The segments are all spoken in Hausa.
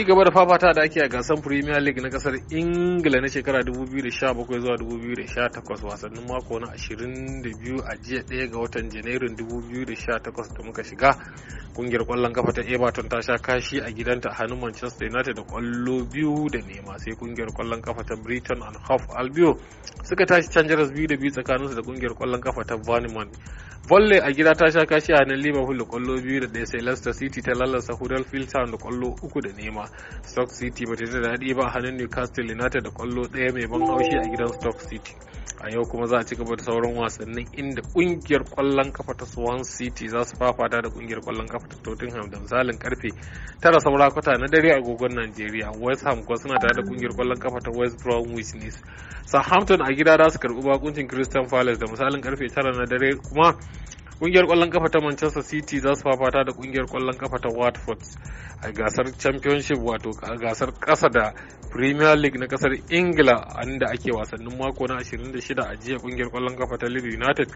ci gaba da fafata da ake a gasar premier league na kasar ingila na shekara 2017 zuwa 2018 wasannin mako na 22 a jiya 1 ga watan janairun 2018 da muka shiga kungiyar kwallon kafa ta everton ta sha kashi a gidanta a hannun manchester united da kwallo biyu da nema sai kungiyar kwallon kafa ta britain and hof albion suka tashi canjaras biyu da biyu tsakaninsu da kungiyar kwallon kafa ta volley a gida ta sha kashi a nan liverpool da kwallo biyu da ɗaya sai leicester city ta Hudal huddersfield town da kwallo uku da nema stoke city ba ta da daɗi ba a hannun newcastle united da kwallo ɗaya mai ban haushi a gidan stock city a yau kuma za a ci gaba da sauran wasannin inda kungiyar kwallon kafa ta swan city za su fafata da kungiyar kwallon kafa ta tottenham da misalin karfe tara saura kwata na dare a agogon nigeria west ham kuwa suna tare da kungiyar kwallon kafa ta west bromwich ne southampton a gida za su karbi bakuncin crystal palace da misalin karfe tara na dare kuma kungiyar kwallon kafa ta manchester city za su fafata da kungiyar kwallon kafa ta watford a gasar championship wato gasar kasa da premier league na kasar ingila inda ake wasannin mako na 26 a jiya kungiyar kwallon kafa ta leeds united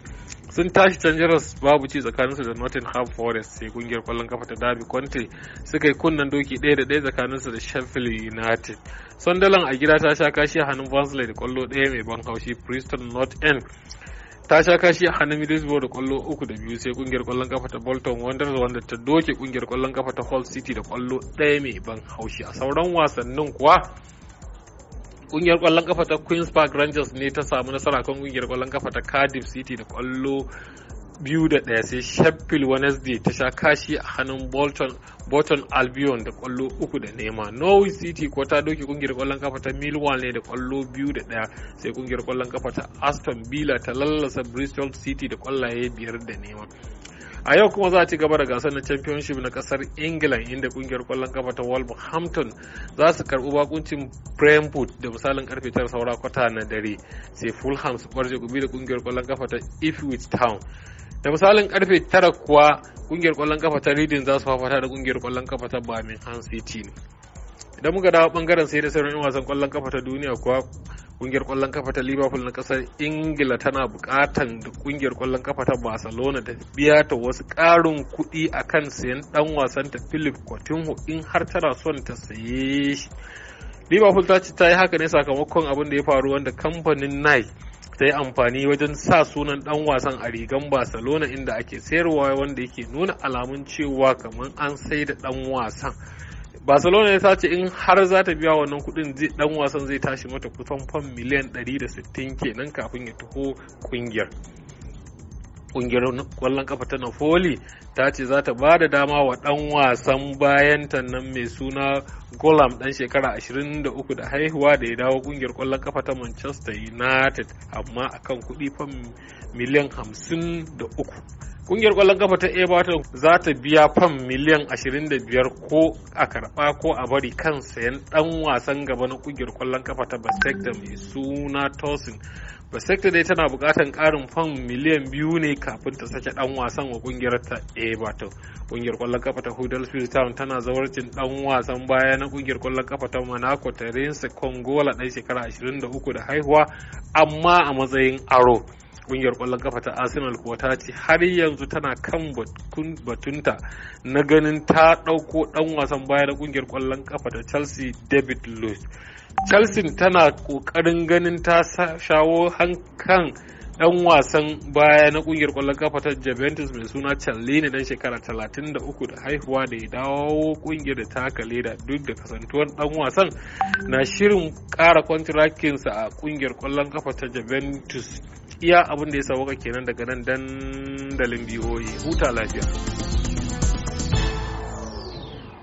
sun tashi canjaras babu ci tsakaninsu da nottingham forest sai kungiyar kwallon kafa ta derby county suka yi kunnen doki daya da ɗaya tsakaninsu da sheffield united sunderland a gida ta sha kashi a hannun barnsley da kwallo ɗaya mai ban haushi preston north end ta sha kashi a hannun Middlesbrough da kwallo uku da biyu sai kungiyar kwallon kafa ta Bolton Wanderers wanda ta doke kungiyar kwallon kafa ta Hull City da kwallo ɗaya mai ban haushi a sauran wasannin kuwa kungiyar kwallon kafa ta Queen's Park Rangers ne ta samu nasara kan kungiyar kwallon kafa ta Cardiff City da kwallo biyu da ɗaya sai sheffield wednesday ta sha kashi a hannun bolton bolton albion da kwallo uku da nema norwich city ko ta doke kungiyar kwallon kafa ta millwall ne da kwallo biyu da ɗaya sai kungiyar kwallon kafa ta aston villa ta lallasa bristol city da kwallaye biyar da nema a yau kuma za a ci gaba da gasar na championship na kasar england inda kungiyar kwallon kafa ta wolverhampton za su karbi bakuncin brentford da misalin karfe tara saura kwata na dare sai fulham su barje gobe da kungiyar kwallon kafa ta ipswich town da misalin karfe tara kuwa kungiyar kwallon kafa ta Reading za su fafata da kungiyar kwallon kafa ta Birmingham City ne idan muka dawo bangaren sai da sauran wasan kwallon kafa ta duniya kuwa kungiyar kwallon kafa ta liverpool na kasar ingila tana bukatan da kungiyar kwallon kafa ta barcelona ta biya ta wasu karin kuɗi a kan sayan dan wasan ta philip coutinho in har tana son ta saye shi liverpool ta ce ta yi haka ne sakamakon abin da ya faru wanda kamfanin nai. ta yi amfani wajen sa sunan dan wasan a rigan barcelona inda ake sayarwa wanda yake nuna alamun cewa kamar an sai da dan wasan barcelona ya sace in har za ta biya wannan kudin zai dan wasan zai tashi mata kusan fam miliyan 160 kenan kafin ya taho kungiyar kungiyar kwallon kafa ta napoli ta ce za ta ba da dama wa ɗan wasan bayanta nan mai suna golam ɗan shekara 23 da haihuwa da ya dawo kungiyar kwallon kafa ta manchester united amma akan kuɗi fam miliyan hamsin da uku kungiyar kwallon kafa ta everton za ta biya fam miliyan biyar ko a karɓa ko a bari kan sayan ɗan wasan gaba na kungiyar kwallon kafa ta basekta mai suna tosin basekta dai tana bukatan karin fam miliyan biyu ne kafin ta sake ɗan wasan wa kungiyar ta everton kungiyar kwallon kafa ta Huddersfield Town tana zawarcin dan wasan baya na kungiyar kwallon kafa ta Monaco Terence Kongola dan shekara 23 da haihuwa amma a matsayin aro kungiyar kwallon kafa ta arsenal kuwa ta ce har yanzu tana kan batunta na ganin ta ɗauko ɗan wasan baya na kungiyar kwallon kafa ta chelsea david Luiz chelsea tana ƙoƙarin ganin ta shawo hankan dan wasan baya na kungiyar kwallon kafa ta Juventus mai suna Cellini dan shekara 33 da haihuwa da ya dawo kungiyar da taka leda duk da kasantuwar dan wasan na shirin kara kwantirakinsa a kungiyar kwallon kafa ta Juventus iya abin da ya sauka kenan daga nan dandalin biyoyi huta lafiya